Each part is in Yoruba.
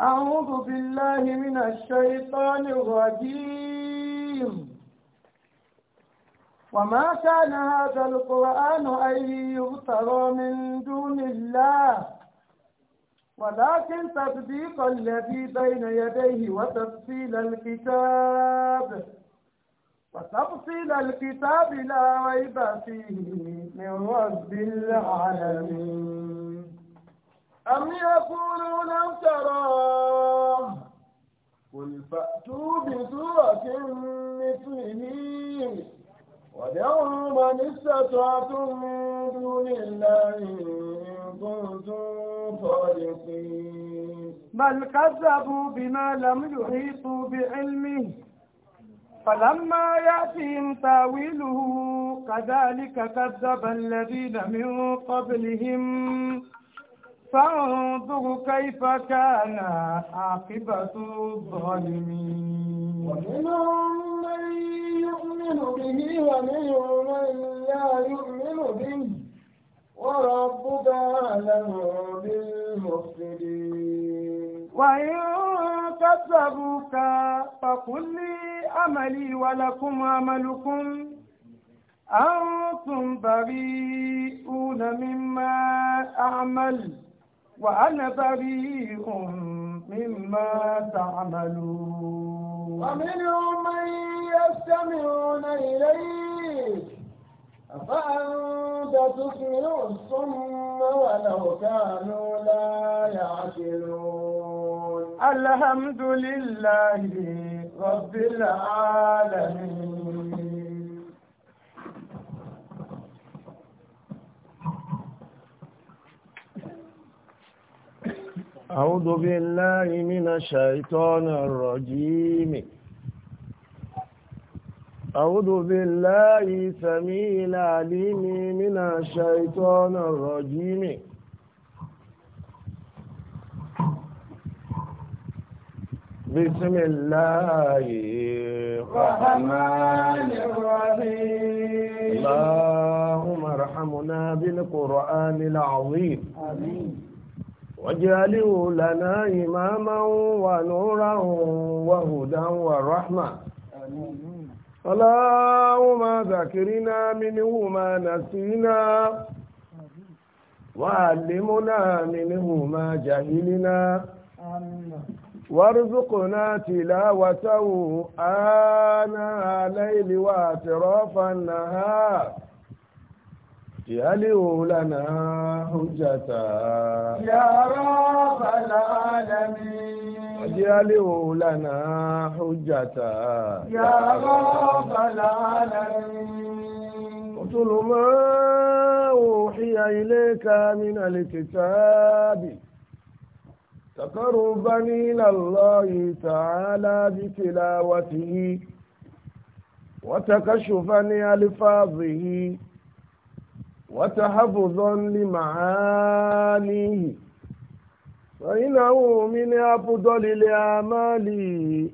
أعوذ بالله من الشيطان الرجيم وما كان هذا القرآن أن يفترى من دون الله ولكن تصديق الذي بين يديه وتفصيل الكتاب وتفصيل الكتاب لا ريب فيه من رب العالمين أم يقولون افتراه قل فأتوا بسورة مثله ودعوا من استطعتم من دون الله إن كنتم صادقين بل كذبوا بما لم يحيطوا بعلمه فلما يأتهم تاويله كذلك كذب الذين من قبلهم فانظر كيف كان عاقبة الظالمين ومنهم من يؤمن به ومنهم من لا يؤمن به وربك أعلم بالمفسدين وإن كذبوك فقل لي عملي ولكم عملكم أنتم بريئون مما أعمل وأنا بريء مما تعملون ومنهم من يستمعون إليك أفأنت تسمع الصم ولو كانوا لا يعقلون الحمد لله رب العالمين أعوذ بالله من الشيطان الرجيم أعوذ بالله سميع العليم من الشيطان الرجيم بسم الله الرحمن الرحيم اللهم ارحمنا بالقرآن العظيم آمين واجعله لنا إماما ونورا وهدى ورحمة اللهم ذكرنا منه ما نسينا وعلمنا منه ما جهلنا وارزقنا تلاوته آناء الليل وأطراف النهار اجعله لنا حجة يا رب العالمين اجعله لنا حجة يا رب العالمين قتل ما أوحي إليك من الكتاب تقربا إلى الله تعالى بتلاوته وتكشفا ألفاظه وتحفظا لمعانيه فإنه من أفضل الأعمال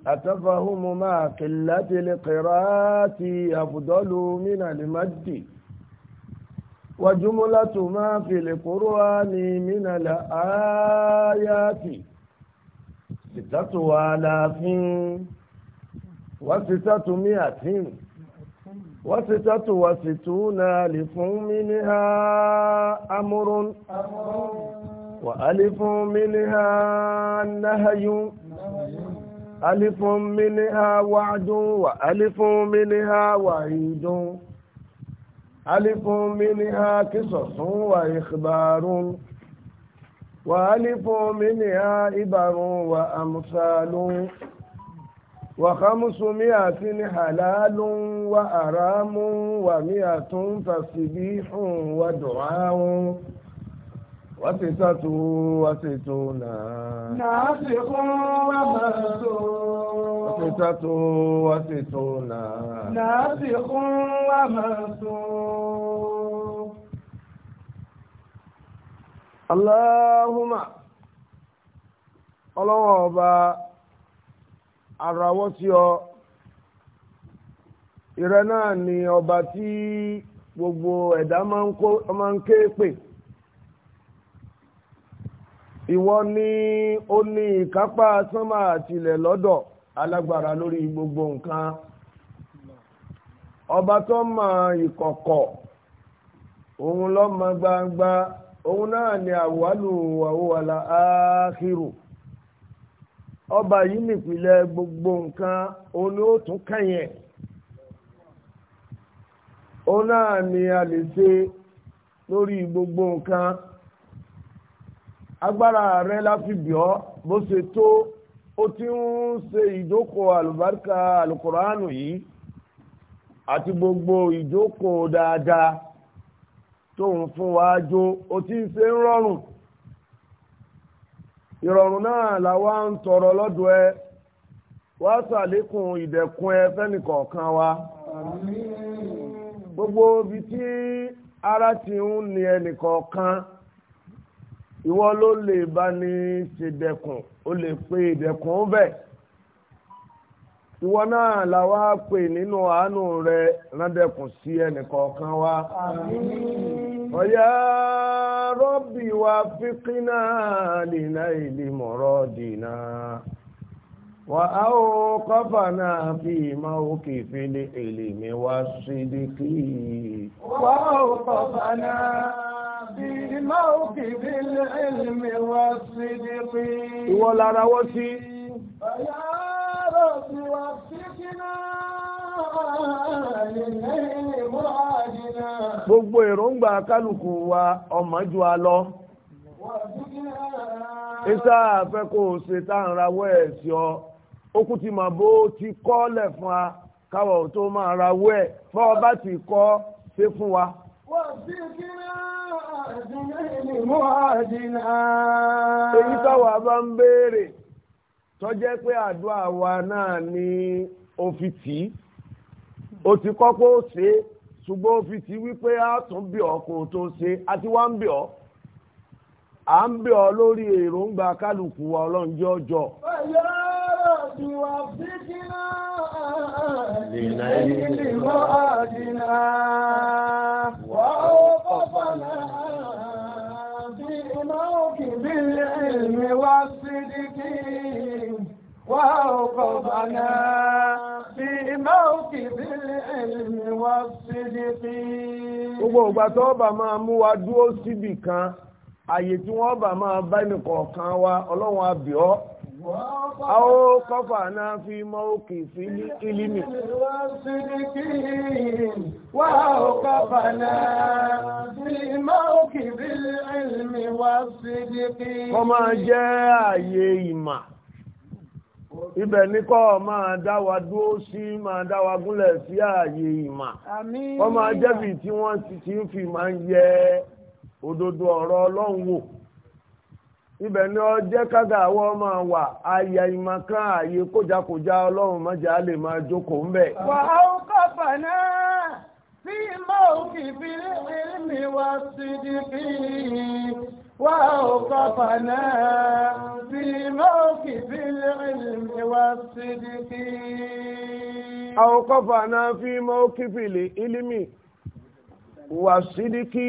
أتفهم مع قلة القراءة أفضل من المد وجملة ما في القرآن من الآيات ستة آلاف وستمائة وستة وستون ألف منها أمر وألف منها نهي ألف منها وعد وألف منها وعيد ألف منها قصص وإخبار وألف منها إبر وأمثال وخمس مئة حلال وأرام ومئة فسبيح ودعاء وستة وستون ناسخ ومنسوخ وستة وستون ناسخ ومنسوخ اللهم الله أبا arawọ́ sí ọ ìrẹ náà ni ọba tí gbogbo ẹ̀dá máa ń ké pè ìwọ ni ó ní ìkápá sánmà àtìlẹ̀ lọ́dọ̀ alágbára lórí gbogbo nǹkan ọba tó mọ ìkọ̀kọ̀ òun lọ mọ gbangba òun náà ni àwálù àwòwàlà áàkìrù. ọba yìí nìpìlẹ̀ gbogbo nǹkan olóòtún kẹyìn ó náà ni a lè ṣe lórí gbogbo nǹkan agbára rẹ la fi bì ọ́ bó ṣe tó ó ti ń ṣe ìjókòó àlùbáríkà àlùkòránù yìí àti gbogbo ìjókòó dáadáa tóun fún wa jó ó ti ń ṣe ń rọrùn ìrọ̀rùn náà làwa ń tọrọ lọ́dọ̀ ẹ wá ṣàlékún ìdẹ̀kùn ẹ fẹ́nìkọ̀ọ̀kan wa gbogbo ibi tí ara ti ń ni ẹnìkọ̀ọ̀kan ìwọ ló lè bá ní ṣèdẹ̀kùn ó lè pe ìdẹ̀kùn bẹ́ẹ̀. ìwọ náà la wá pè nínú àánú rẹ rándẹkùn sí ẹnìkọ̀ọ̀kan wa. ọ̀yá rọ́bì wa fíkínà lìnà ìlì mọ̀rọ̀ dìnà wà á ó kọ́fà náà fi ìmọ̀ òkè ìfẹ́lẹ̀ èlè mi wá sí dìkì. wà á ó kọ́fà náà. بموكب العلم الخوف وفقنا للنيل مرادنا gbogbo èròǹgbà kálukú wa ọmọjú a lọ isa afẹ́ kò ṣe tá à ń rawọ́ ẹ̀ sí ọ ó ti mà bó ti kọ́ lẹ̀ fún wa káwọ̀ tó máa rawọ́ ẹ̀ fọ́ ọ ti kọ́ ṣe fún wa. èyí táwa bá ń béèrè tọ́jẹ́ pé àdúrà wa náà ni ó fi tì í ó ti kọ́ pé ó ṣe é ṣùgbọ́n ó fi tì í wípé a tún bí ọ kó o tó ṣe àti wá ń bí ọ à ń bí ọ lórí èròǹgbà kálukú wa ọlọ́njẹ́ ọjọ́. ọ̀yọ́ ìlú àdínà wà ó kọ́ fọ́nà. بالعلم والصدق وأوقفنا في موكب العلم والصدق Gbogbo ìgbà tó ọba máa mú wa dúró síbì kan, àyè tí wọ́n ọba máa bá ẹnìkọ̀ọ̀kan wa, ọlọ́run àbíọ́. أو قفعنا na موقف العلم وأوقفنا في موقف العلم والصدق وما جاء يما ibẹ̀ ni kọ́ ma da wa dúró si ma da wa gúnlẹ̀ sí ààyè ìmà wọ́n máa jẹ́bi tí wọ́n ti fi ma nye ododo òdodo ọ̀rọ̀ ibẹ̀ ni ọ jẹ́ kága àwọn ọmọ wa àyà ìmọ̀kan àyè kójakójá ọlọ́run mọ́jà lè máa jókòó ńbẹ̀. wà á ó kọ̀fà náà sí ìmọ̀ òkè ìbílẹ̀ mi wá sí dìbì wà á ó kọ̀fà náà sí ìmọ̀ òkè ìbílẹ̀ mi wá sí dìbì. àwọn kọ̀fà náà fi ìmọ̀ òkè ìbílẹ̀ ilimi wà sí dìbì.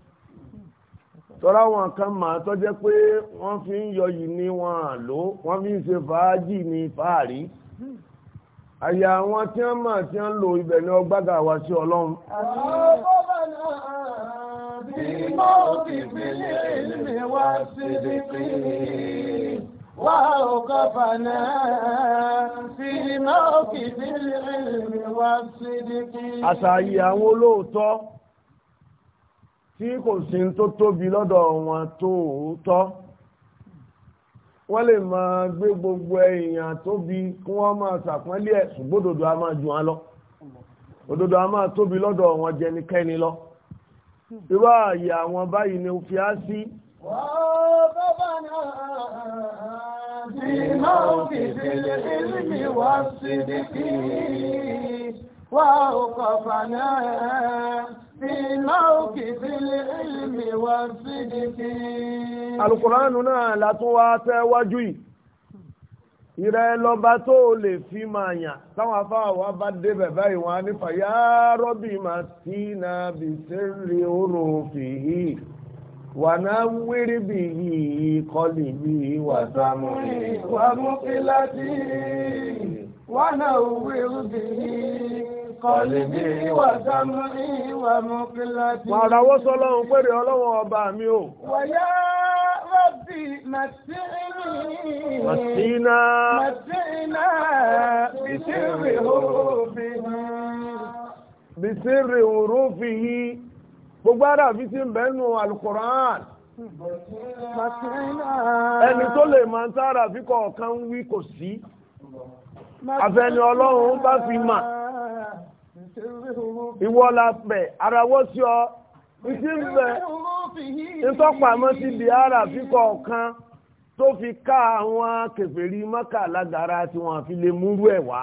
tọ́lá wọn kan máa tọ́jẹ́ pé wọ́n fi ń yọ yìí ní wọn àlò wọ́n fi ń ṣe fàájì ní fàárí àyà àwọn tí wọ́n máa tí wọ́n lo ibẹ̀ ní ọgbàgà wá sí ọlọ́run. Bímọ́ àwọn olóòótọ́ tí kò sí tó tóbi lọ́dọ̀ wọn tó tọ́ wọ́n lè máa gbé gbogbo èèyàn tóbi kí wọ́n máa ṣàpọ́nlé ẹ̀ ṣùgbọ́n òdodo a máa jù wọn lọ òdodo a máa tóbi lọ́dọ̀ wọn jẹnikẹ́ni lọ irú ààyè àwọn báyìí ni ó fi á sí. wọ́n bábà náà bí máa ń fi ìdílé ìlú mi wá sí dìkì wọ́n ò kọ̀ fà náà. Alùkùránù náà látún wá tẹ́ wájú yìí. Ìrẹ́ lọba tó lè fi máa yàn táwọn afáwà bá débẹ̀ báyìí wọn á nífà yá rọ́bì máa tí na bì sẹ́rì oòrùn Wà náà wírí bì yìí kọlì bí wà sámú. Wà mú kí láti wà náà wírí bì yìí. Wà ráwọ́ sọ́lọ́run pèrè ọlọ́wọ́ ọba mi o. Wàyá rọ́bì màtíìnì. Màtíìnà. Màtíìnà bìsírì òrùfihì. Bìsírì òrùfihì. Gbogbo ara fi ti ń bẹ́nu Alukùrán. Ẹni tó lè máa ń sára fi kọ̀ọ̀kan wí kò sí. Àfẹ́ni ọlọ́run bá fi ma. ìwọ la bẹ̀ arawọ́ sí ọ ìsí ń bẹ̀ ìtọ́pàmọ́ sí ibi ara fíkọ̀ kan tó fi ká àwọn kèfèrí mọ́kà lágara tí wọ́n fi lè múrú ẹ̀ wá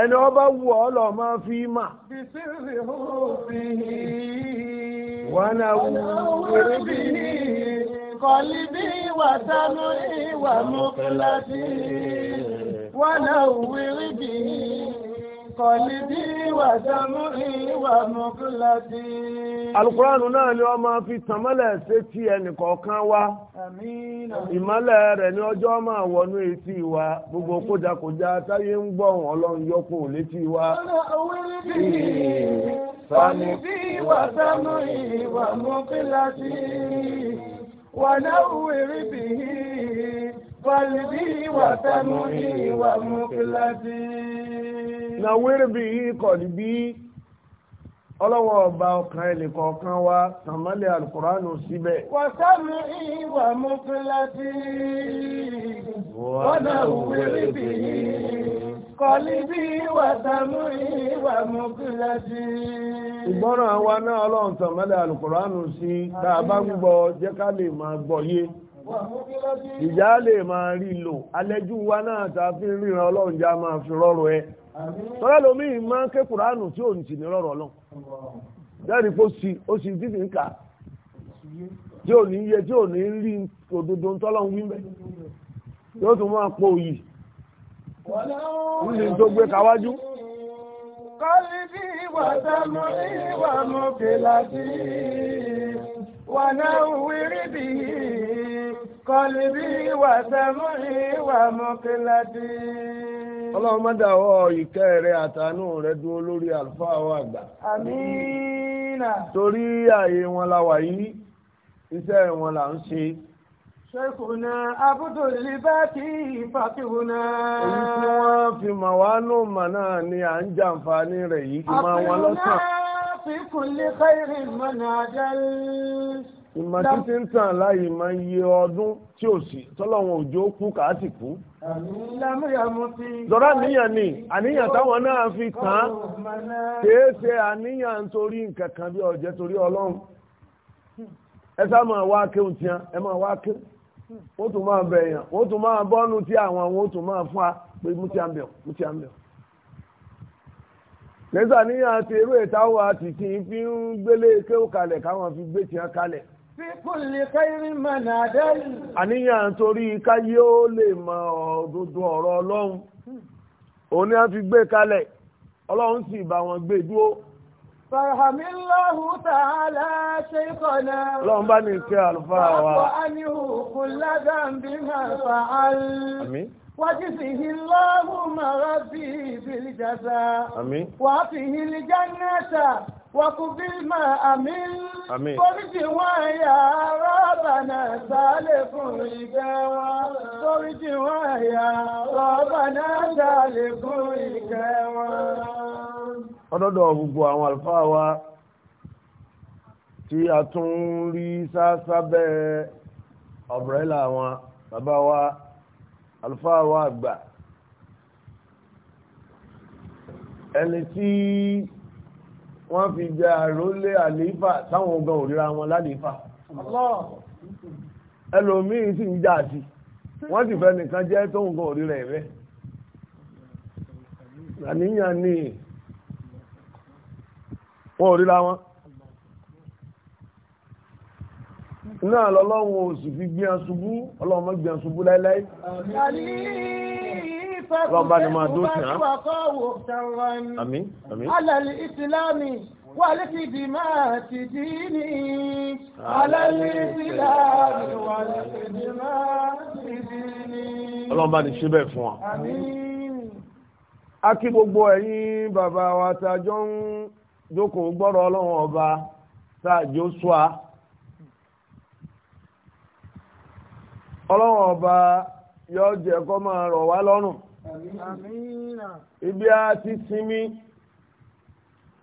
ẹni ọba wù ọ́ lọ máa fi mà. wọ́n á wù wèrè bí kọ́líbí wà sánú ìwà mọ́kànlá sí wọ́n á wù wèrè bí kọ̀lìdí wà dámú ìwà mọ̀kúlàdí. alukuraanu náà ni wọ́n máa fi tàmọ́lẹ̀ ṣe ẹnìkọ̀ọ̀kan wa. ìmọ́lẹ̀ rẹ̀ ní ọjọ́ máa wọnú etí wa gbogbo kójakójá táyé ń gbọ́ wọn ọlọ́run yọkùn létí wa. kọ̀lìdí wà dámú ìwà mọ̀kúlàdí. wà náà wèrè bìí kọ̀lìdí wà dámú ìwà mọ̀kúlàdí. na wẹ́rẹ́ bí ọba ọkàn ẹnì kọ̀ọ̀kan wa tàmálẹ̀ alukùránù síbẹ̀. wàsámi wa náà ọlọ́run tàmẹ́lẹ̀ alùkùránù sí tá gbọ́ jẹ́ lè máa gbọ́yé lè wa náà ríran ọlọ́run já máa fi rọrùn ẹ. tọ́lá lomi ìmọ̀ ké kùránù tí ò ní sì ní rọ̀rọ̀ lọ jáde kó sì ó sì dídì ń kà tí ò ní yẹ tí ò ní rí òdodo tọ́lọ́ ń wí mẹ́ yóò tún máa pọ̀ òyì nílùú tó gbé káwájú. kọ́lídì ìwà tẹnu ìwà mọ̀kìlá sí wà náà wírí bì í kọ́lídì ìwà tẹnu ìwà mọ̀kìlá sí ọlọ́run má dàwọ́ ìkẹ́ rẹ àtàánú rẹ dúró lórí àlùfáà wa àgbà. àmínà. torí ààyè wọn la wà yìí iṣẹ́ wọn là ń ṣe. ṣèkùnà abúdòlì bá kí ìfàkìwùnà. èyí tí wọ́n fi mọ̀ wá nù mọ̀ náà ni à ń jàǹfààní rẹ̀ yìí kì máa wọn lọ́sàn. àfihàn fi kùnlé kẹ́rì mọ̀nà àjẹl ìmọ̀ títí ń tàn láyìí máa ń yẹ ọdún tí ò sí tọ́lọ́wọ́n òjò kú kàá sì kú. lọ́rọ̀ àníyàn ni àníyàn táwọn náà fi tàn án kìí ṣe àníyàn nítorí nǹkan kan bí ọ̀jẹ̀ torí ọlọ́run ẹ sá máa wá kéwù tiẹn ẹ máa wá kéwù wọ́n tún máa bẹ̀ èèyàn wọ́n tún máa bọ́nu tí àwọn àwọn tún máa fún wa pé mú ti à ń bẹ̀ mú ti à ń bẹ̀. lẹ́sà níyàn àti eré ìtawọ̀ àti kì í fi ń gbélé kéwù káwọn fi gbé tiẹ̀ kalẹ̀. àníyàn torí káyé ó lè mọ òdodo ọ̀rọ̀ ọlọ́run òun ni a fi gbé kalẹ̀ ọlọ́run sì bá wọn gbé dúró. Fàhàmílọ́hù tààlà ṣe kọ̀nà. Ọlọ́run bá ní ìkẹ́ àlùfáà wa. Wà á ní ma máa fà á lù. وجزه الله ربي بالجزاء وأعطه الجنة وقضي ما أمل فرج ويا ربنا سالف الجوى فرج ويا ربنا سالف الجوى ọdọ́dọ̀ gbogbo àwọn àlùfáà wa tí a tún rí sásábẹ́ ọ̀bẹ̀rẹ́là wọn bàbá wa àlùfáà wa àgbà ẹni tí wọ́n fi jẹ àrólé àlééfà táwọn ogan òríra wọn lálééfà ẹlòmíì sì ń jà sí wọ́n sì fẹ́ nìkan jẹ́ tóun gan òríra ẹ̀rẹ́ àníyàn ni wọn òríra wọn náà lọ́lọ́run oṣù fi gbé ọṣubú ọlọ́run mọ́ gbé ọṣubú láíláí. àmín. ربنا ما دوتنا أمين أمين على الإسلام والخدمات ديني على الإسلام والخدمات ديني اللهم بارك شي بẹ́ẹ̀ fún wa àmín a kí gbogbo ẹ̀yin bàbá wa tá a jọ ń jókòó gbọ́rọ̀ ọlọ́run ọba tá a jọ sọ́a ọlọ́run ọba yóò jẹ́ kó máa rọ̀ wá lọ́rùn ibi a ti sinmi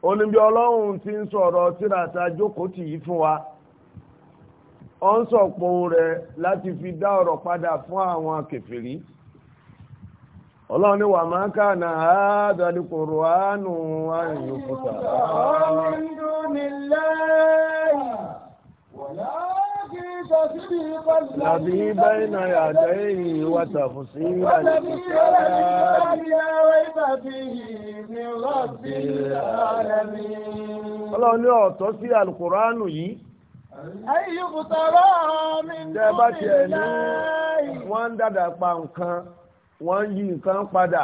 oníbi ọlọ́run ti ń sọ̀rọ̀ tírata jókòó tì yí fún wa ọ ń sọ̀pọ̀ rẹ̀ láti fi dá ọ̀rọ̀ padà fún àwọn kèfèrí ọlọ́run ni wà máa kà náà àádọ́lì kòrò àánú تصديق الذي بين يديه وتفصيل الكتاب لا ريب فيه من رب العالمين ọlọ́run ní sí alukóránù yìí. ayíkú tọrọ mi ní ìlú wọ́n ń dàdà pa nǹkan wọ́n ń yí nǹkan padà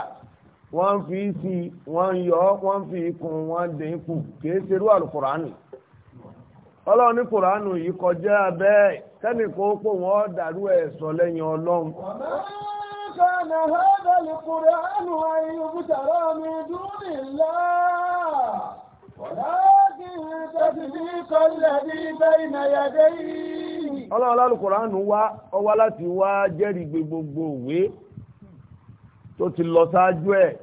wọ́n ń fi sí wọ́n ń yọ wọ́n ń fi wọ́n dín kù kì í ṣerú ọlọ́run ní kùránù yìí kọjá abẹ́ sẹ́nì kó wọ́n dàrú sọ lẹ́yìn ọlọ́run. كان هذا القرآن wá ọwá láti wá gbogbo òwe tó ti lọ ẹ̀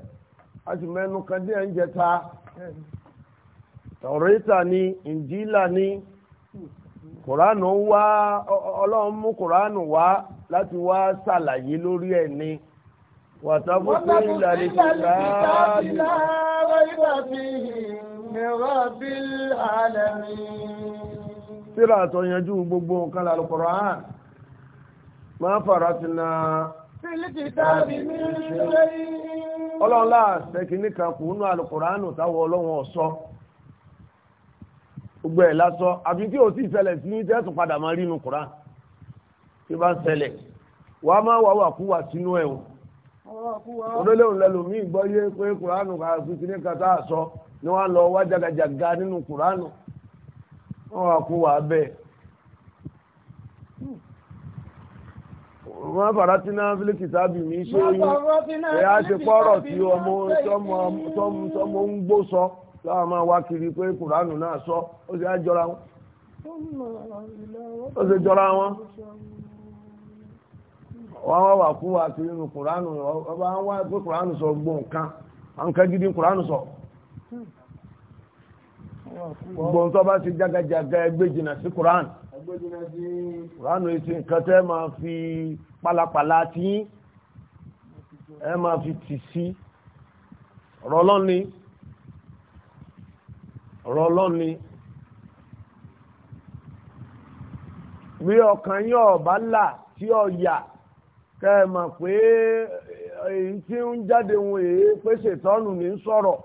a mẹ́nu kan díẹ̀ ń jẹta ni ni kòránù wá ọlọ́run mú kòránù wá láti wá ṣàlàyé lórí ẹ̀ ni wàtàkù pé ìlànà kìláàbì. síra àtọ̀ yanjú gbogbo nǹkan lára kòrán máa fara sí na. ọlọ́run láà ṣe kùnú àlùkòránù táwọn ọlọ́run ọ̀sọ́. gbogbo ẹ̀ lásọ àfi tí ò sì ṣẹlẹ̀ sínú tẹ́sùn padà máa rínú Kùránì tí bá ń ṣẹlẹ̀ wàá máa wà wà kúwà sínú ẹ̀ o olólè òǹlẹ́lòmíì gbọ́ yé pé Kùránì kà á fi kíní kata àṣọ ni wọ́n á lọ wá jagajaga nínú Kùránì wọ́n wà kúwà bẹ́ẹ̀. wọ́n fara tí náà fílíkì sábì mí ṣe é yín ẹ̀yà ṣe pọ́rọ̀ tí ọmọ ń gbó sọ. láwọn máa wá kiri pé kùránù náà sọ ó sì á jọra wọn ó sì jọra wọn wọ́n wá wà fún wa kiri kùránù ọba wá pé kùránù sọ gbogbo nǹkan nǹkan gidi kùránù sọ gbogbo nǹkan bá ti jágajàga ẹgbẹ́ jìnnà sí kùránù kùránù ètò nǹkan tẹ́ máa fi pálapàla tí ẹ máa fi tì sí ọ̀rọ̀ ọlọ́run ni bí ọkàn yín ọ̀bá là tí ọ̀yà kẹ́ ẹ mà pé èyí eh, eh, tí ń jáde wọn èyí pé ṣètọ́nù ní sọ̀rọ̀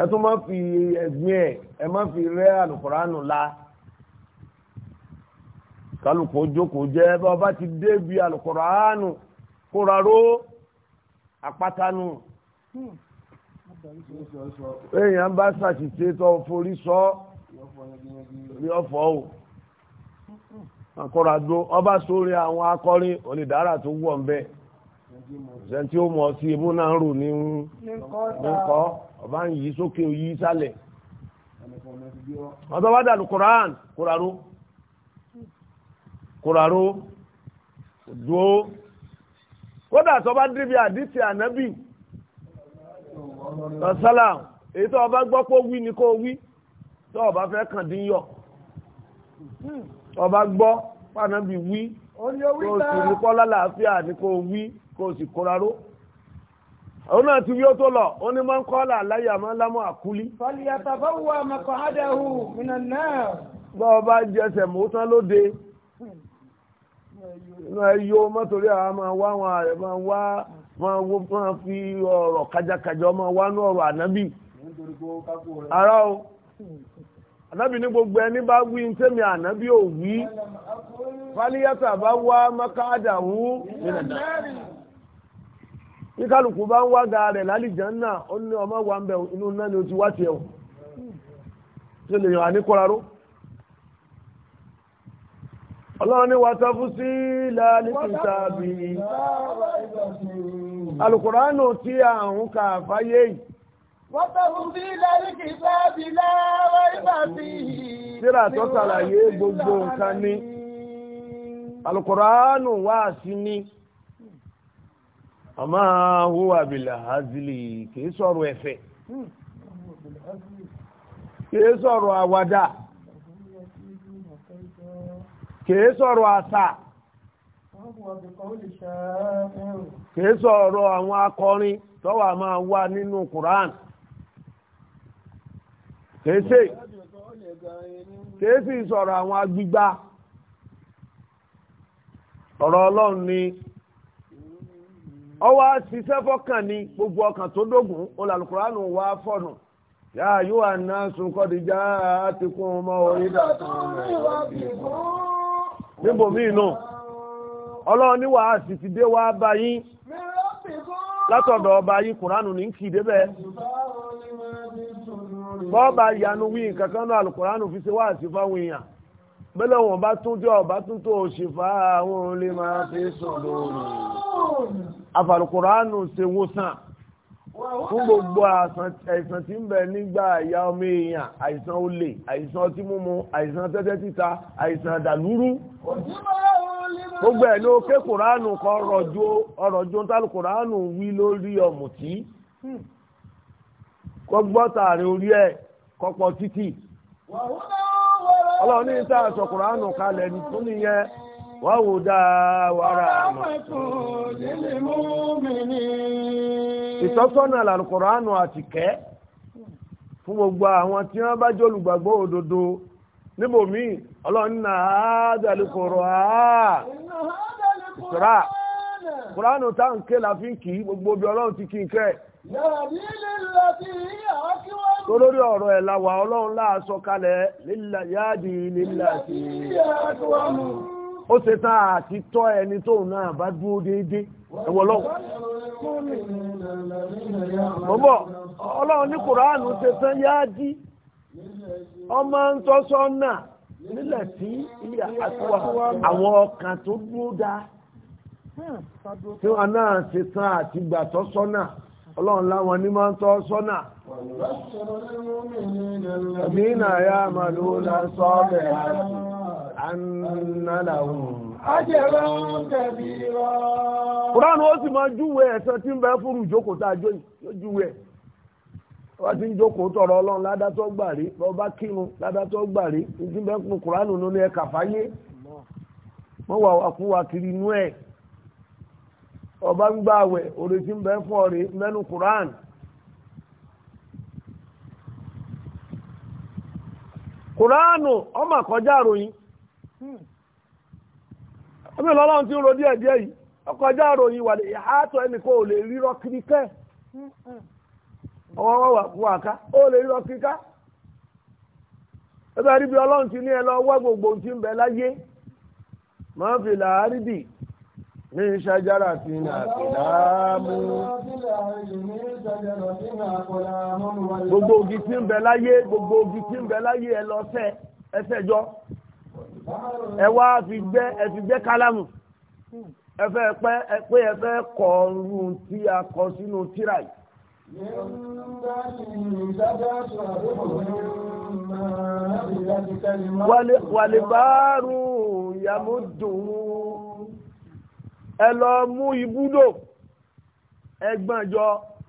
ẹ tún má fi ẹ̀gbin ẹ̀ ẹ má fi rẹ́ àlùkòránù la kálukú jókòó jẹ́ bá ọba ti dé bi àlùkòránù kóraró àpáta nù. Hmm. èèyàn bá ṣàṣìṣe tó forí sọ ní ọba sórí àwọn akọrin onídàárà tó wọ̀ ń tí ó mọ̀ sí ebó náà rò ní ọba ń yí sókè yí sálẹ̀ ọ̀tọ̀ bá dàlù koran kóraró kóraró dúó kódà tó bá àdìsí sọ́sálà èyí tó ọba gbọ́ pé wí ni kó wí tó ọba fẹ́ kàn dín yọ ọba hmm. gbọ́ pànábì wí kó o sì ní kọ́ lálàáfíà ni kó wí kó o sì kóra ró òun náà ti wí ó tó lọ ó ní máa ń kọ́ là láyé àmọ́ lámọ́ àkúlí. fàlìyàtàfáwò àmọ̀kọ́ àdàhù mìíràn náà. bá ọba jẹsẹ̀ mú tán lóde hmm. inú ẹ yó mọ́tòrí àwọn máa wá àwọn ààrẹ máa wá máa wó máa fi ọ̀rọ̀ kájàkájà ọmọ wa ní ọ̀rọ̀ ànábì ara o ànábì ní gbogbo ẹni bá wí ní tẹ́mi ànábì ò wí fálíyàtà bá wá mákàdà hù nínàdà bí kálukú bá ń wá ga rẹ̀ lálìjánnà ó ní ọmọ wa ń bẹ̀ inú náà ni ó ti wá tiẹ̀ o ṣe lè yàn àníkọ́ra ró ọlọ́run ni wàtọ́ fún sí lálẹ́kìtàbí alùkùránù tí a ń ka fáyé yìí wàtọ́ fún sí lálẹ́kìtàbí láwọ́ ìbàbí síra tó sàlàyé gbogbo nǹkan ní alùkùránù wà sí ní àmá hùwà bìlà hazili kìí sọ̀rọ̀ ẹ̀fẹ̀ kìí sọ̀rọ̀ àwàdà. Hmm. kìí sọ̀rọ̀ àṣà kìí sọ̀rọ̀ àwọn akọrin tọ́wà máa wà nínú Quran kìí ṣe kìí sì sọ̀rọ̀ àwọn agbígbá ọ̀rọ̀ ọlọ́run ni ọwọ́ àṣìṣẹ́ fọ́kàn ni gbogbo ọkàn tó dógùn olùkùránù wà fọ̀nà yáa yóò àná sunkọ́ dìjà àti kún ọmọ orí dàtọ́ ọmọ níbòmíì náà ọlọ́run ní ti dé wá bá yín látọ̀dọ̀ ọba yín kùránù ní kì í débẹ̀ bọ́ọ̀bà ìyanu wí nǹkan kan náà alùkùránù fi ṣe wàásì fáwọn èèyàn bẹ́lẹ̀ wọn bá tún jọ ọba tún tó àwọn olè máa fi sọ̀rọ̀ àfàlùkùránù ṣe wọ́sàn fún gbogbo àìsàn tí ń bẹ nígbà ìyá ọmọ èèyàn àìsàn olè àìsàn ọtí mímu àìsàn tẹ́tẹ́ títa àìsàn dàlúrú gbogbo ẹ̀ ló ké kòránù kan ọ̀rọ̀jó tálù kòránù wí lórí ọ̀mùtí kó gbọ́ orí ẹ̀ kọ́pọ̀ títì ọlọ́run ní ìta àṣọ kòránù kalẹ̀ tó nìyẹn wàá dáa wàrà ìtọ́sọ́nà àlùkùránù àti kẹ́ fún gbogbo àwọn tí wọ́n bá jẹ́ olùgbàgbọ́ òdodo níbòmíì ọlọ́nà àádọ́lùkùrọ̀ àá ìṣúra kùránù táǹkẹ́ la fi ń kì gbogbo bí ọlọ́run ti kí n kẹ́ ọ̀rọ̀ wà kalẹ̀ ó ṣe tán àti tọ́ ẹni tóun náà bá dúró déédé ẹ̀wọ̀ lọ́wọ́ mọ́bọ̀ ọlọ́run ní kùránù ṣe tán yáájí ọmọ ń tọ́ sọ́nà nílẹ̀ tí ilé àtúwà àwọn ọkàn tó dúró dáa tí wọn náà ṣe tán àti gbà tọ́ sọ́nà ọlọ́run láwọn ní máa ń tọ́ sọ́nà ẹ̀mí anada lahum ajran kabira. Kùránù ó sì máa júwe ẹ̀san tí ń bẹ Wọ́n ti ń jókòó tọrọ ọlọ́run ládàtọ́ gbàrí lọ́ba kírun ládàtọ́ gbàrí ìdí ẹ̀ka fáyé. Wọ́n wà fún wa kiri inú ẹ̀. Ọba ń ń fún ọ̀rẹ́ mẹ́nu ọmọ àkọjá Hmm. ọmọ ìlọ́lọ́run ti ń ro díẹ̀ díẹ̀ yìí ọkọjá ìròyìn wà lè yàtọ̀ ẹnì kan lè rírọ́ kíká. Hmm, hmm. ọwọ́ àká ó lè rírọ́ kíká. Ebe ẹgbẹ́ ọlọ́run ti ní ẹ lọ wá gbogbo ohun ń bẹ láyé máa fi ní ìṣàjára ti nà kìláàmù gbogbo ògì ń gbogbo ẹ wá fi gbẹ́ ẹ fi gbẹ́ kálámù ẹ fẹ́ pẹ́ ẹ pé ẹ fẹ́ kọ ọrùn tí a kọ sínú tíra yìí. wàlẹ̀ báárù yàmúdùn ẹ lọ mú ibùdó ẹgbọ̀njọ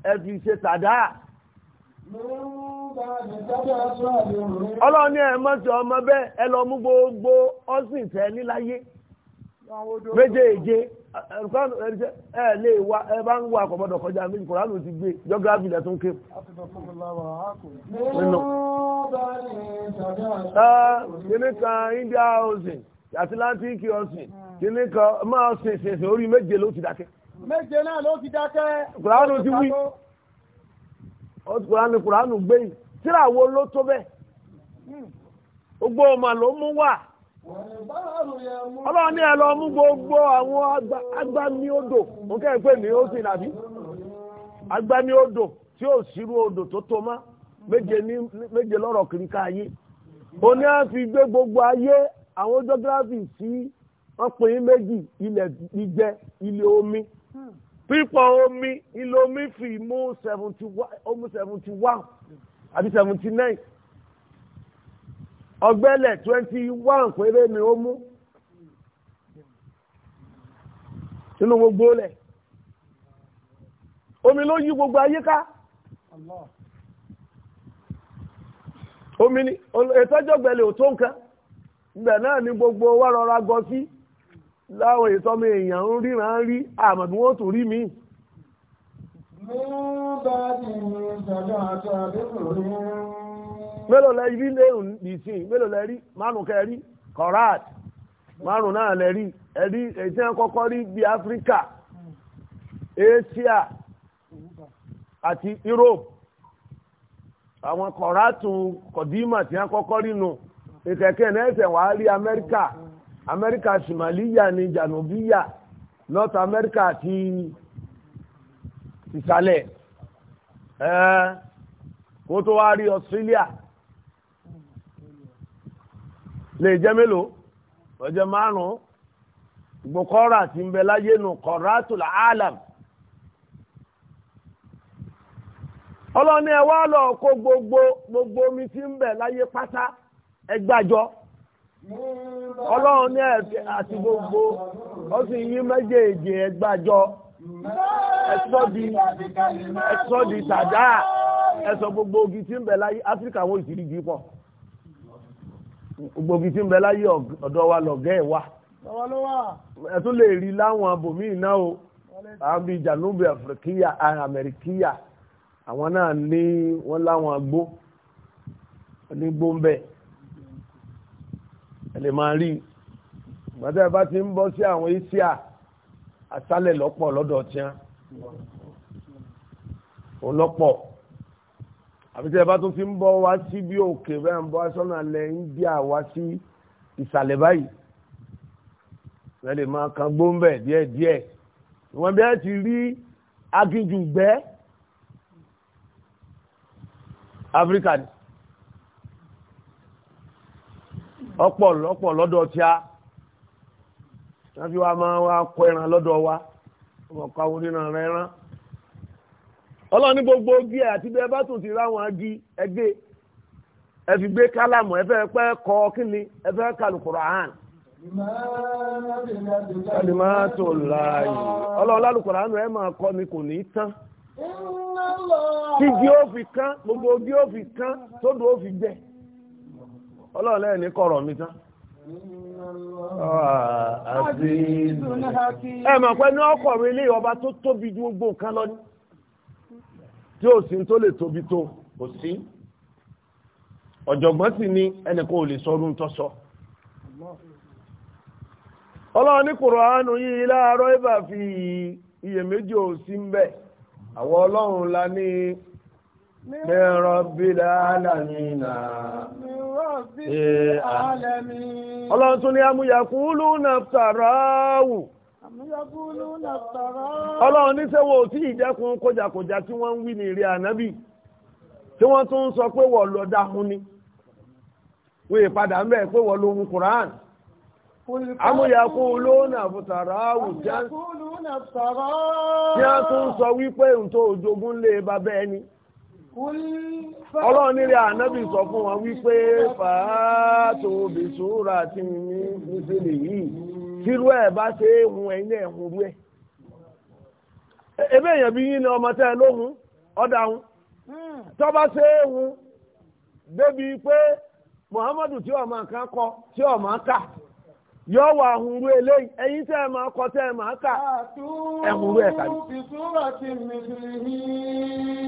ẹ fi ṣe tàdá. ọlọ́run ní ọmọ bẹ́ẹ̀ ẹ lọ mú gbogbo ọ̀sìn tẹ níláyé méjèèje ẹ lè wa ẹ bá ń àkọ́bọ̀dọ̀ kọjá méjì kòránù ti gbé jọ́gráfì lẹ́tún ké. kìnní kan India ọ̀sìn Atlantic ọ̀sìn kìnní kan máa sìn sìn sìn orí méje ló ti dákẹ́. méje náà ló ti dákẹ́. ti wí gbé yìí. tíra wo ló tó bẹ́ẹ̀ hmm. gbogbo ọmọ ló mú wà ọlọ́run ní ẹ lọ mú gbogbo àwọn agbami odò òun kẹ́ ẹ pé ní ó sì nàbí agbami odò tí ó sírú odò tó tó má méje lọ́rọ̀ kiri ká ayé o ní a fi gbé gbogbo ayé àwọn geography sí ọpìn méjì ilẹ̀ jíjẹ ilẹ̀ omi hmm. pípọ̀ omi ilẹ̀ omi fi mú seventy one àbí seventy nine ọgbẹ́lẹ̀ twenty one péré ni ó mú gbogbo lẹ̀ omi ló yí gbogbo ayé ká omi ni ètòjọ́gbẹ̀lẹ̀ ò tó nǹkan ibẹ̀ náà ni gbogbo wa rọra gọ sí láwọn ètò èèyàn ń ríran rí àmọ́ bí wọ́n tún rí míì. mélòó lẹ rí na nìsín mélòó lẹ rí márùn kẹ rí korat márùn náà lẹ rí ẹrí ètí ẹ kọ́kọ́ rí bí áfíríkà asia àti europe àwọn kọ̀rátù kọ̀dímà tí wà á rí north america ìsàlẹ̀ ẹ́ kó tó wá rí Australia lè jẹ́ mélòó ọjọ́ márùn-ún ìgbòkọ́ra ti ń bẹ láyé nù alam ọlọ́ni ẹ wá lọ kó gbogbo gbogbo omi ti ń bẹ láyé pátá ẹgbàjọ ọlọ́ni ẹ àti gbogbo ó sì yí méjèèjì ẹgbàjọ. ẹ̀sọ́ di tàdá ẹ̀sọ́ gbogbo ogi tí ń bẹ láyé áfíríkà wọn ò sì rí pọ̀ gbogbo ogi tí ń bẹ láyé ọ̀dọ̀ wa lọ̀gẹ́ ẹ̀ wà ẹ tún lè rí láwọn abòmíì náà o àwọn bíi janubi afirikiya amẹrikiya àwọn náà ní wọn láwọn agbó onígbó ń bẹ rí ìgbà tí bá ti ń bọ́ sí àwọn Asia asálẹ̀ lọ́pọ̀ lọ́dọ̀ tí wọ́n lọ́pọ̀ àbíṣẹ́ bá tún fi ń bọ́ wá sí bí òkè bẹ́ẹ̀ ń bọ́ sọ́nà lẹ̀ ń bí àwa sí ìsàlẹ̀ báyìí wọ́n lè máa kan gbóńbẹ̀ díẹ̀díẹ̀ ìwọ̀n bí wọ́n ti rí aginjù gbẹ́ áfíríkà ọ̀pọ̀ lọ́pọ̀ lọ́dọ̀ tí wọ́n fi wá máa wá kọ ẹran lọ́dọ̀ wa wọ́n àwọn oníran gbogbo ogi àti bí ẹ bá tún ti wọn agi ẹgbẹ́ ẹ fi gbé kálámù ẹ fẹ́ pẹ́ kọ kíni ẹ fẹ́ kàlùkùrọ̀ àhàn. kàlùmá tó láàyè ọlọ́run lálùkùrọ̀ ẹ máa kọ́ ni kò ní í tán. kígi ó gbogbo ogi ó fi kán ó fi jẹ ọlọ́run lẹ́yìn ní ẹ mọ̀ pé ní ọkọ̀rin ilé ọba tó tóbi ju gbogbo nǹkan lọ ní tí ò sí tó lè tóbi tó kò sí ọ̀jọ̀gbọ́n sì ni ẹnìkan ò lè sọ ọdún tó sọ ọlọ́run ní àánú yìí láàárọ̀ ìbà fi iyèméjì ò sí ń bẹ̀ àwọn ọlọ́run la ní من رب العالمين من رب العالمين ọlọ́run tún ní ọlọ́run ní sẹ́wọ́ tí tí wọ́n ń wí ní ànábì tí wọ́n tún ń sọ pé lọ dáhùn ni wọ́n ìpadà ń pé wọ́n lóhun Kùránì amúyàkú ló nà fùtàráwù tí a tún sọ wípé lè ẹni ọlọ́run nílé ànábì sọ fún wọn wípé fàátò bìsúra ti ní lè yìí tírú ẹ̀ bá ṣe é hun ẹ̀yìn ẹ̀ hun rú ẹ̀. ebe èèyàn bí yín ni ọmọ tẹ́ ẹ lóhun ọ̀dà hun hmm. tó bá ṣe é hun débi pé Muhammadu tí ọmọ kan kọ tí ọmọ kà. yóò wà ahùnrú eléyìí ẹ̀yin tẹ́ ẹ máa kọ tẹ́ ẹ máa kà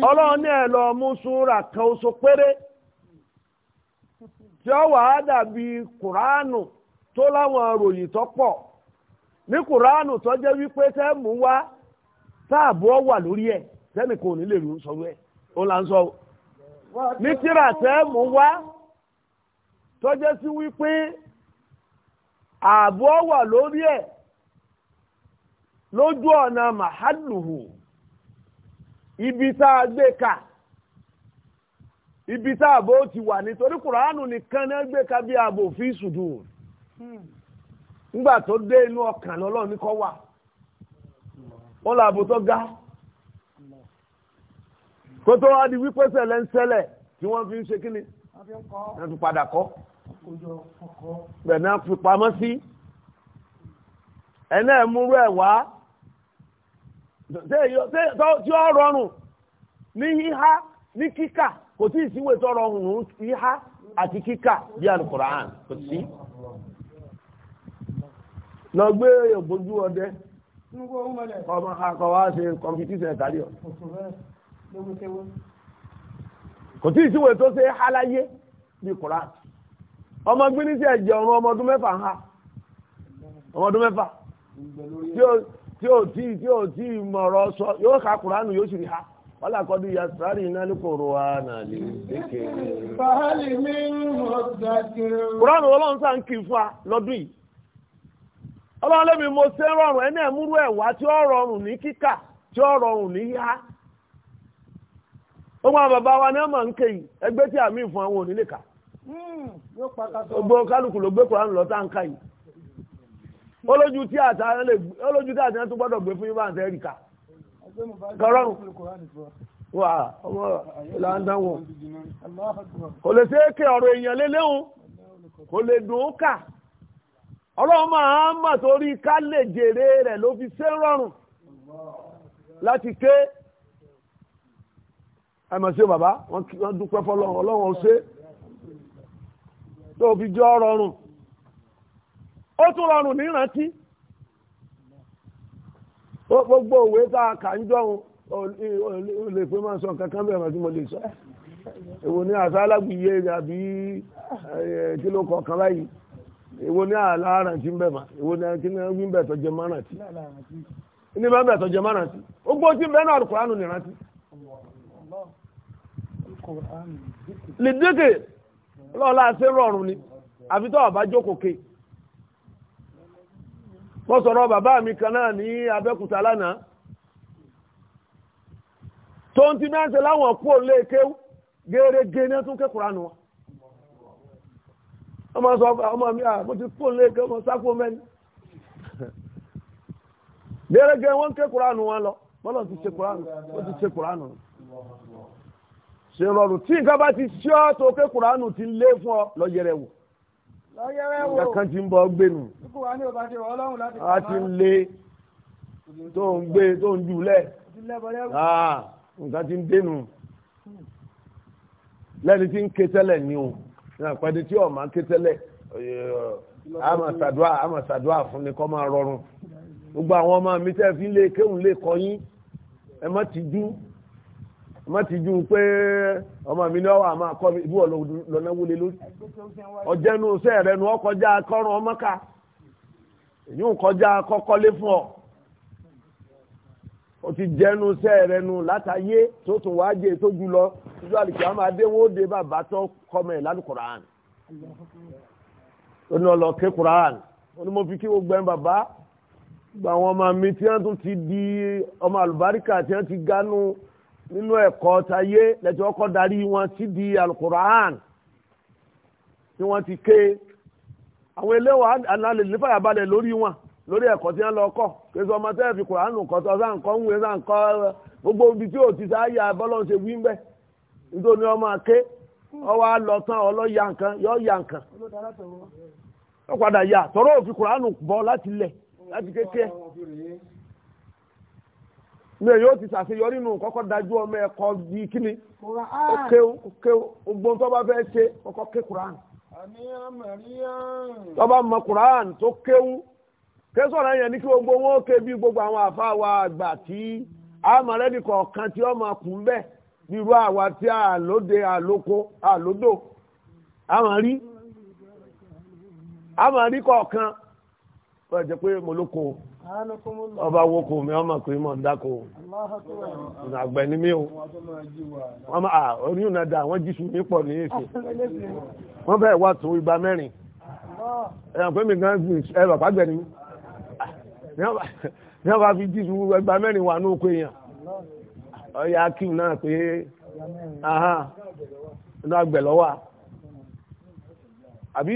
ọlọ́run ní ẹ̀ lọ mú súra kan dàbí kùránù tó láwọn ròyìn tó pọ̀ ní kùránù tó jẹ́ wípé tẹ́ mú wá táàbù ọ wà lórí ẹ̀ ní lè ẹ̀ ó là ń sọ ní wá tó sí wípé. ààbò wà lórí ẹ̀ lójú ọ̀nà màhálùhù ibi tá a gbé ka ibi tá ààbò ti wà nítorí kùránù nìkan náà gbé ka bí ààbò fi sùdù nígbà tó dé inú ọkàn lọ́lọ́ ní kọ́ wà wọ́n là ààbò tó ga kótó wá di wípé ṣẹlẹ̀ ń ṣẹlẹ̀ tí wọ́n fi ń ṣe kíni wọ́n fi padà kọ́. bẹ̀ẹ̀ náà fi pamọ́ sí ẹ̀ náà múrú ẹ̀ wá tí ó rọrùn ní híhá ní kíkà kò tí ì síwèé tó rọrùn ní híhá àti kíkà bí alukoran kò sí lọ gbé ògbójú ọdẹ ọmọ akọwà ṣe kọmpitíṣẹ̀ tàbí ọ kò tí ì síwèé tó ṣe háláyé bí koran ọmọ gbínísì ẹ̀jẹ̀ ọmọ ọmọdún mẹ́fà ń ha ọmọdún mẹ́fà tí ó tí tí ó tí mọ̀rọ̀ sọ yóò ka kùránù yóò ha wọ́n lè kọ́dún ìyá sáré iná ní kòrò wa náà lè lékè. fàálì mi mọ̀ dàkẹ́. kùránù ọlọ́run kì í fún wa lọ́dún yìí ọlọ́run lẹ́mi mo ṣe bàbá wa ní ọmọ ẹgbẹ́ tí àwọn onílé gbogbo kálukú ló gbé koran lọ táǹkà yìí olójú tí àti olójú tí àti tó gbọdọ gbé fún Yorùbá bá ń tẹ́ wà ọmọ ìlànà kò lè ṣe ké ọ̀rọ̀ kò lè dùn ún kà torí ká lè jèrè ló fi ṣe rọrùn láti ké bàbá wọ́n dúpẹ́ fọlọ́run tó fi jọ rọrùn ó tún rọrùn nírántí gbogbo òwe tá a kà ń jọun lè pé máa sọ kankan bẹ̀rẹ̀ àti mo lè sọ èwo ní àsálágbìyé àbí kí ló kọ̀ọ̀kan báyìí èwo ní àlàáràn tí ń bẹ̀ mà èwo ní ní wí bẹ̀ tí ní bẹ̀ lọ́la ṣe rọrùn ni àfi ọba jókòó mo sọ̀rọ̀ bàbá mi kan náà ní Abẹ́òkúta lánàá tó ń ti náà láwọn kú òun ní ọmọ sọ ọmọ mi à mo ti kú òun lè sáfò mẹ́ni nù wọn lọ mọ́lọ́ ti ṣe ṣe rọrùn tí nǹkan bá ti ṣí ọ́ tó pé kuranu ti lé fún ọ lọ́yẹrẹ wò lọ́yẹrẹ wò nǹkan ti ń bọ́ gbénu a ti ń lé tó ń gbé tó ń jùlẹ̀ ah, nǹkan ti ń dénú lẹ́ni tí ń ké tẹ́lẹ̀ ni o ìrànpẹ́ni tí ọ̀ máa ń ké tẹ́lẹ̀ àmàṣàdúà eh, àmàṣàdúà fún ni kọ́ máa rọrùn gbogbo àwọn ọmọ mi tẹ́ fi lé kéwòn lè kọ́ yín ẹ má ti dú Ma ti ju pé ọmọ mi ní ọwọ́ àmọ́ akọ́ mi ìbúwọ̀ lọ́nà wọlé lórí ọ̀jẹ̀nu sẹ́ rẹ̀ nu ọkọjá akọ́rùn ọmọ ká èyí ń kọjá kọ́kọ́lé fún ọ o ti jẹnu sẹ́ rẹ̀ nu látàyé tó tún wàá jẹ tó jù lọ títí àlùkò àmọ́ adéwọ́n ó bàbá tó kọ́mọ ẹ̀ lálùkùránì ó ní ọlọ́ọ̀kẹ́ kùránì ó ní mo fi kí gbogbo ẹ̀ bàbá gbogbo àwọn ọmọ mi tí wọ́n ti di ọmọ nínú ẹ̀kọ́ tayé lẹ́tí wọ́n kọ́ darí wọn sí di alukur'an tí wọ́n ti ké àwọn eléwà alálè nífàyàbalẹ̀ lórí wọn lórí ẹ̀kọ́ tí wọ́n lọ kọ́ kéṣọ ọmọ tẹ́lẹ̀ fi kur'an kọ́ tọ́ sáà ń kọ́ ń wé sáà ń kọ́ gbogbo ibi tí ò ti sáyà bọ́lọ́n ṣe wí ń bẹ́ nítorí ọmọ ké ọwọ́ lọ tán ọlọ́yà nǹkan yọ ya nǹkan ó padà yà tọ́rọ̀ òfin kur'an bọ́ láti lẹ̀ láti kékeré ní èyí ó ti ṣàṣeyọrí nù kọ́kọ́ dájú ọmọ ẹ̀kọ́ bíi kíni ó kéwú ó kéwú ogbon tó bá fẹ́ ṣe kọ́kọ́ ké quran tó bá mọ quran tó kéwú késọ̀rọ̀ yẹn ní kí gbogbo wọn ó ké bí gbogbo àwọn àfa wa àgbà tí àmọ̀lẹ́bí kọ̀ọ̀kan tí ọmọ kù ń bẹ̀ nírú àwa tí àlóde àlóko àlódò àmọ̀rí àmọ̀rí kọ̀ọ̀kan wọ́n jẹ́ pé mo lóko o ọba woko mi ọmọ pé mọ̀ ń dáko àgbẹ̀ ni mí o wọ́n máa oníhùn náà dà wọ́n jíṣu ní pọ̀ ní èsì wọ́n bẹ̀rẹ̀ wá tó ìgbà mẹ́rin ẹ̀yàn pé mi gan gbìn ẹ̀rọ pàgbẹ̀ ni mí ní ọba fi jíṣu ẹgbà mẹ́rin wà ní oko èèyàn ọya kíw náà pé inú àgbẹ̀ lọ́wọ́ àbí?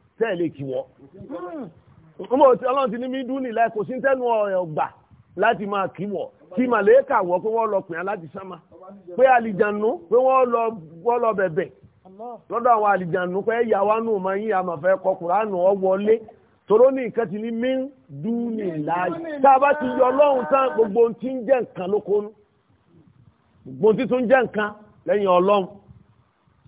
tẹ́ẹ̀lé kí wọ́ ọmọ tí ọlọ́run ti ní mí dún nílẹ̀ kò sí ọgbà láti máa kí wọ́ tí màlẹ́kà wọ́ pé wọ́n láti sánmà pé àlìjànú pé wọ́n lọ bẹ̀bẹ̀ lọ́dọ̀ àwọn àlìjànú pé ẹ̀yà wa nù mọ́ yín àmọ̀fẹ́ ọ wọlé tòró ní nǹkan ti ní mí dún nílẹ̀ tá a bá ti yọ ọlọ́run tán gbogbo ohun tí ń jẹ́ nǹkan gbogbo ohun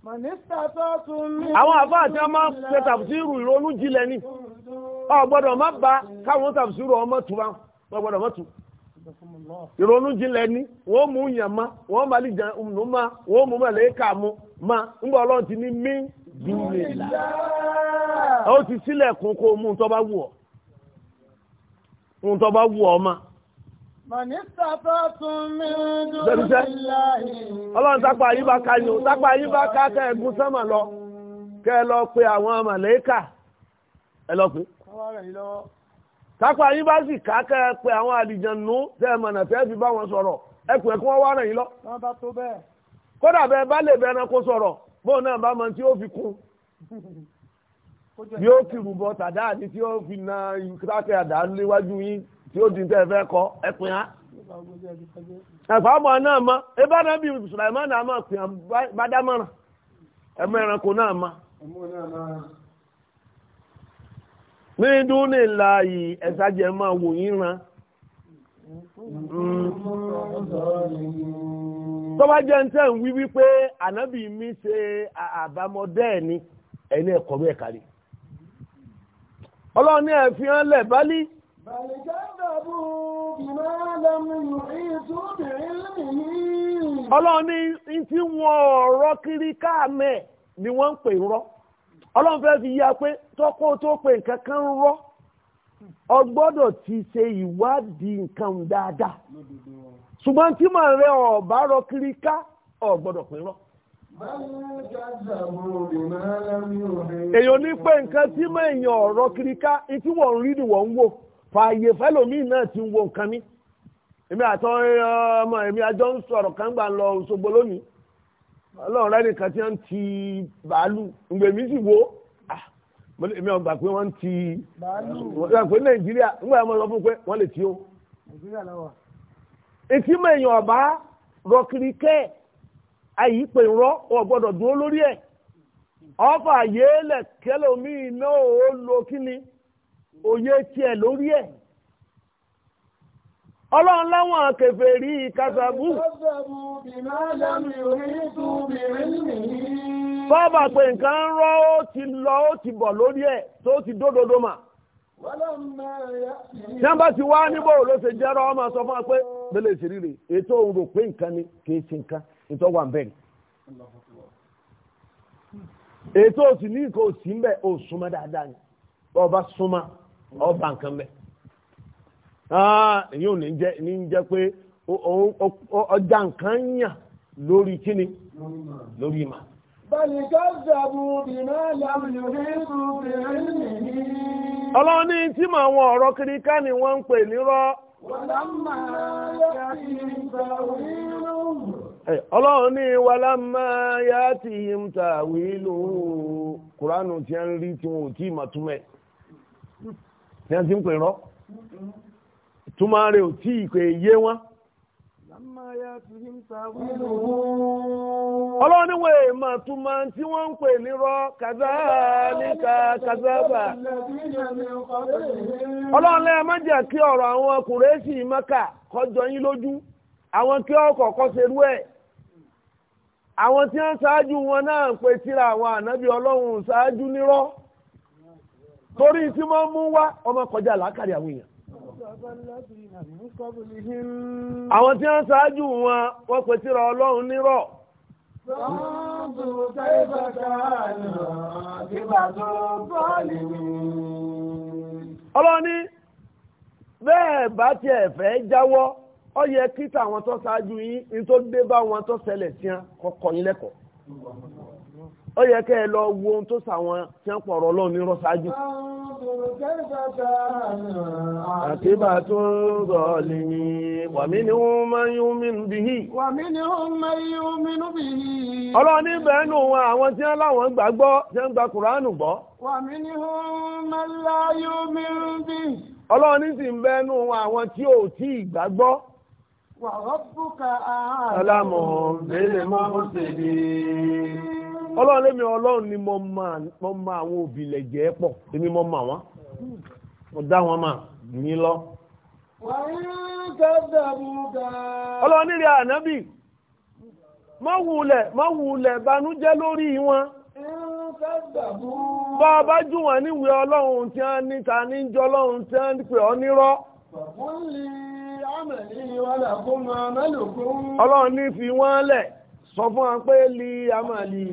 àwọn àbá àti ọmọ ṣe tàbùsírù ìrònú jílẹ̀ ni ọ gbọ́dọ̀ má ba káwọn tàbùsírù ọmọ tù bá wọn gbọ́dọ̀ má jílẹ̀ ni wọ́n mú yàn má wọ́n má lè jà nù má wọ́n mú má lè kà mú má ńgbà ọlọ́run ti ní mí dùnlé là ó ti sílẹ̀ kún kó mú un bá wù ọ́ mú un bá wù ọ́ má. ọlọ́run sápá yín bá ká ni o sápá yín bá ká kẹ́ ẹ sánmà lọ kẹ́ àwọn màlẹ́kà sì ká kẹ́ àwọn tẹ́ mọ̀nà tẹ́ wọn sọ̀rọ̀ wọ́n wá yín lọ. kódà bẹ́ẹ̀ sọ̀rọ̀ bóun náà bá mọ tí fi kún bí ó kì rúbọ fi na tí ó di ní tẹ́fẹ́ kọ ẹ̀pìn á. ẹ̀fọ́ ọmọ náà mọ ebá náà bí Sulaiman náà mọ̀ ẹranko náà mọ. ní dúnì láàyè ẹ̀sájẹ̀ máa wò yín ran. Mm. tó bá jẹ́ ntẹ́ ń wí wípé ànábì mi ṣe بل كذبوا بما لم يحيطوا بعلمه ọlọ́run ní tí wọ́n ọ̀rọ̀ kiri káàmẹ́ ni wọ́n ń pè rọ́ ọlọ́run fẹ́ fi ya pé tọ́kọ́ tó pè nǹkan kan ń ọ ti ṣe ìwádìí nǹkan dáadáa ṣùgbọ́n tí màá rẹ ọ pè rọ́. èèyàn ní pé nǹkan tí ń rí ni wọ́n wò. fàyè fẹ́lòmíì náà ti ń wo nǹkan mi èmi ọmọ èmi àjọ ń sọ̀rọ̀ kan gbà lọ Òṣogbo lónìí ọlọ́run rẹ́ tí wọ́n ti bàálù ǹgbè mi sì wo ah, èmi ò pé wọ́n ti bàálù pé Nàìjíríà ńgbà yẹn mo sọ fún pé wọ́n lè tí ó. etí mọ èèyàn ọba kẹ ọ dúró lórí ẹ ọfà yéélẹ náà òye tiẹ̀ lórí ẹ̀ ọlọ́run láwọn kèfèrí kásàbù bọ́ọ̀bà pé nǹkan rọ́ ó ti lọ ó ti bọ̀ lórí ẹ̀ tó ti mà ti wá níbò ló ṣe jẹ́rọ ọmọ sọ fún wa pé bẹ́lẹ̀ ìṣiríre ètò òun rò pé nǹkan ni kì í ṣe nǹkan ètò wà ń bẹ̀rẹ̀ ètò òsì ní nǹkan òsì ń bẹ̀ ọba nǹkan bẹ èyí ò ní jẹ ní jẹ pé ọjà nǹkan yàn lórí kíni lórí ìmọ̀. bẹ́ẹ̀ni ká dàbò bìnnà làwọn yòókù nìyí. ọlọ́run ní tí wọn ọ̀rọ̀ kiri ká ni wọ́n ń pè nírọ́. yá ti gbà ọlọ́run ní yá ti kuranu ní ẹni tí ń pè rọ́ túmọ̀ rẹ̀ ò tí ìpè yé wọn. ọlọ́run ní wọ́n èèmọ̀ túmọ̀ tí wọ́n ń pè ní rọ́ kazalika kazaba. ọlọ́run lẹ́yìn má jẹ́ kí ọ̀rọ̀ àwọn kùrẹ́sì mọ́kà kọjọ yín lójú àwọn kí ọkọ̀ kọ́ serú ẹ̀ àwọn tí wọ́n ṣáájú wọn náà ń pe àwọn ànábì ọlọ́run ṣáájú nírọ́. torí tí wọ́n mú wá ọmọ kọjá làákàrí àwọn èèyàn àwọn tí wọ́n ṣáájú wọn wọ́n pè síra ọlọ́run nírọ̀ ọlọ́ni bẹ́ẹ̀ bá tiẹ̀ fẹ́ jáwọ́ ó yẹ kíta àwọn tó ṣáájú yín ní tó dé bá wọn tó sẹlẹ̀ tí wọn kọ́kọ́ yín lẹ́kọ̀ọ́ ó yẹ kẹ́ ẹ lọ wo ohun tó sàwọn tí wọ́n pọ̀rọ̀ ọlọ́run ní rọ́ ṣáájú. tó ń rọ̀ lè ní wàmí ni wọ́n máa ń yún ni wọ́n máa ń yún yìí. nù àwọn tí wọ́n gbàgbọ́ tí wọ́n gba kùránù gbọ́. ni wọ́n máa ń la yún nù àwọn tí ò tí ì gbàgbọ́. wà á ọlọ́run lémi ọlọ́run ni mo mọ àwọn òbílẹ̀ jẹ́ pọ̀ èmi mo máa àwọn mo dá wọn máa ní lọ. ọlọ́run nílé ànábì má wulẹ̀ má wulẹ̀ banújẹ́ lórí wọn. bá a bá jù wọn níwèé ọlọ́run tí wọ́n ní ta ní jọ ọlọ́run tí wọ́n pè ọ́ nírọ́. ọlọ́run ní fi wọ́n lẹ̀. sọ fún wa pé lí amàlì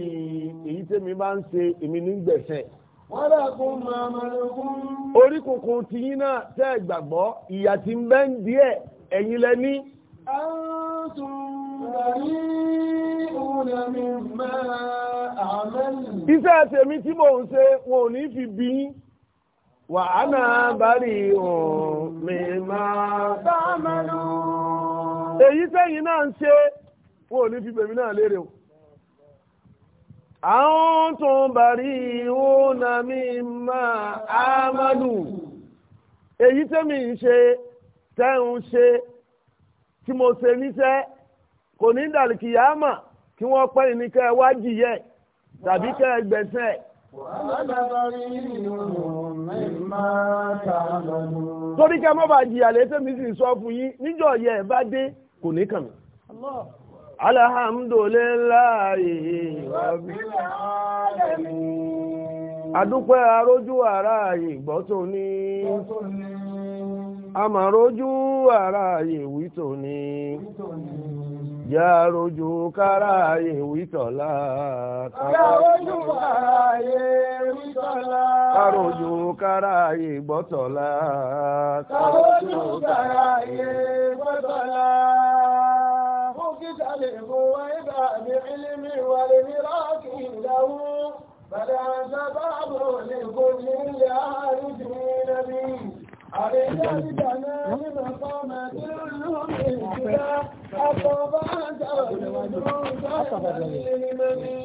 èyí tèmi bá ń ṣe èmi ní gbẹ̀sẹ̀ orí kòkòrò tí yín náà tẹ́ ìgbàgbọ́ ìyà tí ń bẹ ń díẹ̀ ẹ̀yin lẹ́ní iṣẹ́ tèmi tí mò ń ṣe wọn ò ní fi bí yín wà bari ohun mi máa bá mẹ́lú èyí tẹ́yìn náà ń ṣe wọn ò ní fi bèmí náà léèrè o. àwọn tó ń bàrí ìhónà mi máa amadu èyí tẹ́mi ń ṣe tẹ́ ń ṣe tí mo ṣe níṣẹ́ kò ní dàlìkìyàmà kí wọ́n pẹ́ ìníkẹ́ wájì yẹ tàbí kẹ́ ẹgbẹ̀sẹ̀. torí kẹ́ mọ́ bá jìyà létẹ́mi sì sọ fún yín níjọ́ yẹ ẹ bá dé kò ní kàn mí. alhamdulillahi rabbil alamin adúpẹ́ arójú ara ìgbọ́ tó ní rójú ara ìwí tó ní yà rójú kára ìwí tọ̀lá kárójú ara kárójú kára ìgbọ́ kárójú kára تلف ويبع بعلم والمراك له فلا تبعض لكل العارف نبي عليك بتنام مقامة العلوم الكتاب أطبعت المدروسة للمبي